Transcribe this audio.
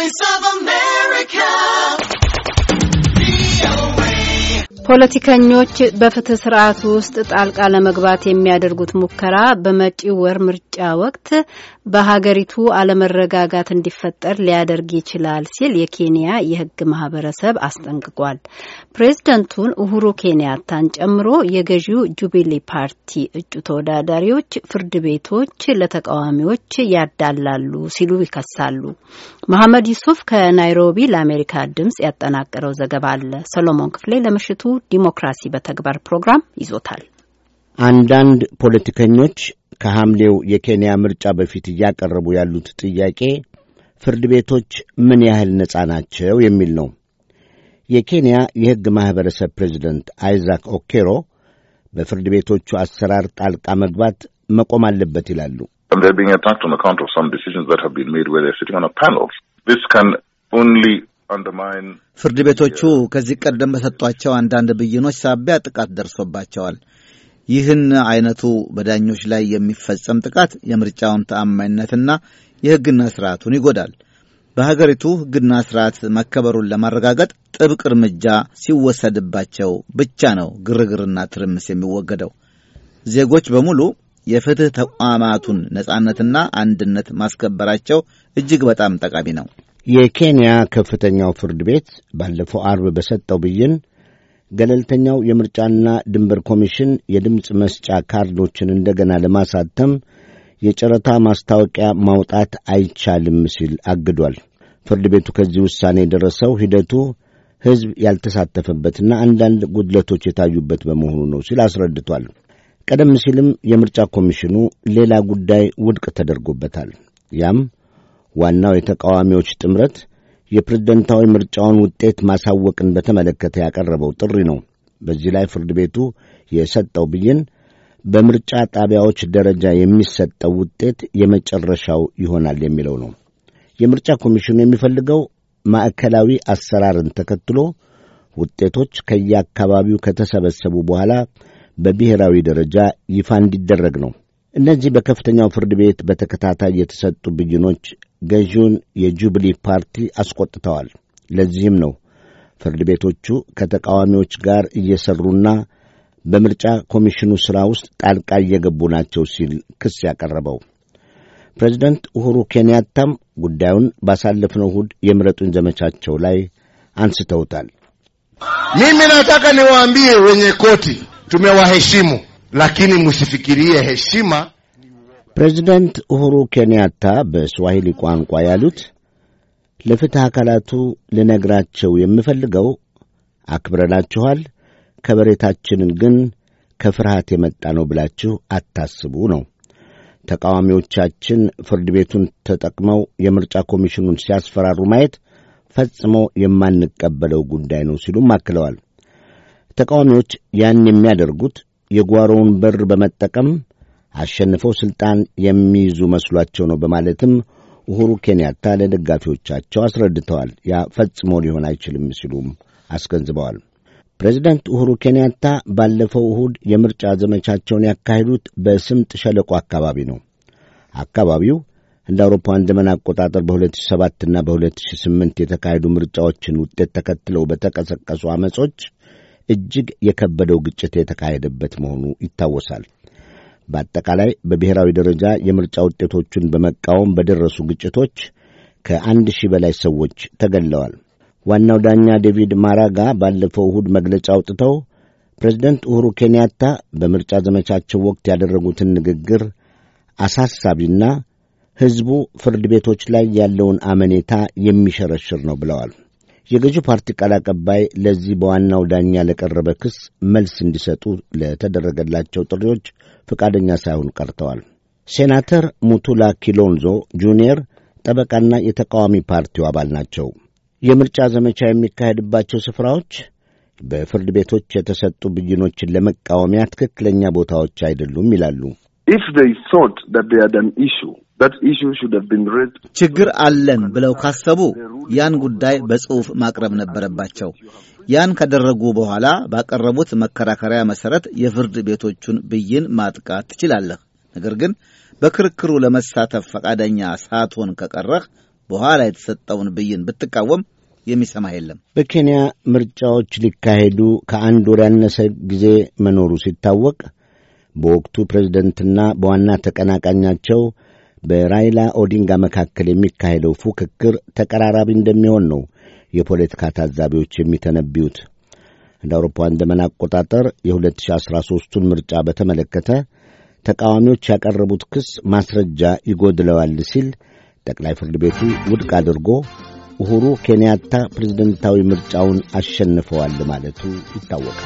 Voice of ፖለቲከኞች በፍትህ ስርዓቱ ውስጥ ጣልቃ ለመግባት የሚያደርጉት ሙከራ በመጪው ወር ምርጫ ወቅት በሀገሪቱ አለመረጋጋት እንዲፈጠር ሊያደርግ ይችላል ሲል የኬንያ የህግ ማህበረሰብ አስጠንቅቋል። ፕሬዝደንቱን ኡሁሩ ኬንያታን ጨምሮ የገዢው ጁቢሊ ፓርቲ እጩ ተወዳዳሪዎች ፍርድ ቤቶች ለተቃዋሚዎች ያዳላሉ ሲሉ ይከሳሉ። መሐመድ ዩሱፍ ከናይሮቢ ለአሜሪካ ድምጽ ያጠናቀረው ዘገባ አለ። ሰሎሞን ክፍሌ ለምሽቱ ዲሞክራሲ በተግባር ፕሮግራም ይዞታል። አንዳንድ ፖለቲከኞች ከሐምሌው የኬንያ ምርጫ በፊት እያቀረቡ ያሉት ጥያቄ ፍርድ ቤቶች ምን ያህል ነጻ ናቸው የሚል ነው። የኬንያ የሕግ ማኅበረሰብ ፕሬዚደንት አይዛክ ኦኬሮ በፍርድ ቤቶቹ አሰራር ጣልቃ መግባት መቆም አለበት ይላሉ። ፍርድ ቤቶቹ uh, ከዚህ ቀደም በሰጧቸው አንዳንድ ብይኖች ሳቢያ ጥቃት ደርሶባቸዋል። ይህን አይነቱ በዳኞች ላይ የሚፈጸም ጥቃት የምርጫውን ተአማኝነትና የሕግና ስርዓቱን ይጎዳል። በሀገሪቱ ሕግና ስርዓት መከበሩን ለማረጋገጥ ጥብቅ እርምጃ ሲወሰድባቸው ብቻ ነው ግርግርና ትርምስ የሚወገደው። ዜጎች በሙሉ የፍትሕ ተቋማቱን ነጻነትና አንድነት ማስከበራቸው እጅግ በጣም ጠቃሚ ነው። የኬንያ ከፍተኛው ፍርድ ቤት ባለፈው አርብ በሰጠው ብይን ገለልተኛው የምርጫና ድንበር ኮሚሽን የድምፅ መስጫ ካርዶችን እንደገና ለማሳተም የጨረታ ማስታወቂያ ማውጣት አይቻልም ሲል አግዷል። ፍርድ ቤቱ ከዚህ ውሳኔ የደረሰው ሂደቱ ሕዝብ ያልተሳተፈበትና አንዳንድ ጉድለቶች የታዩበት በመሆኑ ነው ሲል አስረድቷል። ቀደም ሲልም የምርጫ ኮሚሽኑ ሌላ ጉዳይ ውድቅ ተደርጎበታል። ያም ዋናው የተቃዋሚዎች ጥምረት የፕሬዝደንታዊ ምርጫውን ውጤት ማሳወቅን በተመለከተ ያቀረበው ጥሪ ነው። በዚህ ላይ ፍርድ ቤቱ የሰጠው ብይን በምርጫ ጣቢያዎች ደረጃ የሚሰጠው ውጤት የመጨረሻው ይሆናል የሚለው ነው። የምርጫ ኮሚሽኑ የሚፈልገው ማዕከላዊ አሰራርን ተከትሎ ውጤቶች ከየአካባቢው ከተሰበሰቡ በኋላ በብሔራዊ ደረጃ ይፋ እንዲደረግ ነው። እነዚህ በከፍተኛው ፍርድ ቤት በተከታታይ የተሰጡ ብይኖች ገዢውን የጁብሊ ፓርቲ አስቆጥተዋል። ለዚህም ነው ፍርድ ቤቶቹ ከተቃዋሚዎች ጋር እየሠሩና በምርጫ ኮሚሽኑ ሥራ ውስጥ ጣልቃ እየገቡ ናቸው ሲል ክስ ያቀረበው። ፕሬዚደንት ኡሁሩ ኬንያታም ጉዳዩን ባሳለፍነው እሁድ የምረጡኝ ዘመቻቸው ላይ አንስተውታል። ሚሚ ኒዋምቢ niwaambie ኮቲ ቱሜዋ tumewaheshimu ላኪኒ musifikirie heshima ፕሬዚደንት ኡሁሩ ኬንያታ በስዋሂሊ ቋንቋ ያሉት ለፍትሕ አካላቱ ልነግራቸው የምፈልገው አክብረናችኋል፣ ከበሬታችንን ግን ከፍርሃት የመጣ ነው ብላችሁ አታስቡ ነው። ተቃዋሚዎቻችን ፍርድ ቤቱን ተጠቅመው የምርጫ ኮሚሽኑን ሲያስፈራሩ ማየት ፈጽሞ የማንቀበለው ጉዳይ ነው ሲሉም አክለዋል። ተቃዋሚዎች ያን የሚያደርጉት የጓሮውን በር በመጠቀም አሸንፈው ሥልጣን የሚይዙ መስሏቸው ነው በማለትም ኡሁሩ ኬንያታ ለደጋፊዎቻቸው አስረድተዋል። ያ ፈጽሞ ሊሆን አይችልም ሲሉም አስገንዝበዋል። ፕሬዚዳንት ኡሁሩ ኬንያታ ባለፈው እሁድ የምርጫ ዘመቻቸውን ያካሄዱት በስምጥ ሸለቆ አካባቢ ነው። አካባቢው እንደ አውሮፓውያን ዘመን አቆጣጠር በ2007 እና በ2008 የተካሄዱ ምርጫዎችን ውጤት ተከትለው በተቀሰቀሱ ዓመጾች እጅግ የከበደው ግጭት የተካሄደበት መሆኑ ይታወሳል። በአጠቃላይ በብሔራዊ ደረጃ የምርጫ ውጤቶቹን በመቃወም በደረሱ ግጭቶች ከአንድ ሺህ በላይ ሰዎች ተገድለዋል። ዋናው ዳኛ ዴቪድ ማራጋ ባለፈው እሁድ መግለጫ አውጥተው ፕሬዝደንት ኡሁሩ ኬንያታ በምርጫ ዘመቻቸው ወቅት ያደረጉትን ንግግር አሳሳቢና ሕዝቡ ፍርድ ቤቶች ላይ ያለውን አመኔታ የሚሸረሽር ነው ብለዋል። የገዢው ፓርቲ ቃል አቀባይ ለዚህ በዋናው ዳኛ ለቀረበ ክስ መልስ እንዲሰጡ ለተደረገላቸው ጥሪዎች ፈቃደኛ ሳይሆኑ ቀርተዋል። ሴናተር ሙቱላ ኪሎንዞ ጁኒየር ጠበቃና የተቃዋሚ ፓርቲው አባል ናቸው። የምርጫ ዘመቻ የሚካሄድባቸው ስፍራዎች በፍርድ ቤቶች የተሰጡ ብይኖችን ለመቃወሚያ ትክክለኛ ቦታዎች አይደሉም ይላሉ። ችግር አለን ብለው ካሰቡ ያን ጉዳይ በጽሑፍ ማቅረብ ነበረባቸው። ያን ካደረጉ በኋላ ባቀረቡት መከራከሪያ መሠረት የፍርድ ቤቶቹን ብይን ማጥቃት ትችላለህ። ነገር ግን በክርክሩ ለመሳተፍ ፈቃደኛ ሳትሆን ከቀረህ በኋላ የተሰጠውን ብይን ብትቃወም የሚሰማ የለም። በኬንያ ምርጫዎች ሊካሄዱ ከአንድ ወር ያነሰ ጊዜ መኖሩ ሲታወቅ በወቅቱ ፕሬዝደንትና በዋና ተቀናቃኛቸው በራይላ ኦዲንጋ መካከል የሚካሄደው ፉክክር ተቀራራቢ እንደሚሆን ነው የፖለቲካ ታዛቢዎች የሚተነብዩት። እንደ አውሮፓውያን ዘመን አቆጣጠር የ2013ቱን ምርጫ በተመለከተ ተቃዋሚዎች ያቀረቡት ክስ ማስረጃ ይጎድለዋል ሲል ጠቅላይ ፍርድ ቤቱ ውድቅ አድርጎ ኡሁሩ ኬንያታ ፕሬዝደንታዊ ምርጫውን አሸንፈዋል ማለቱ ይታወቃል።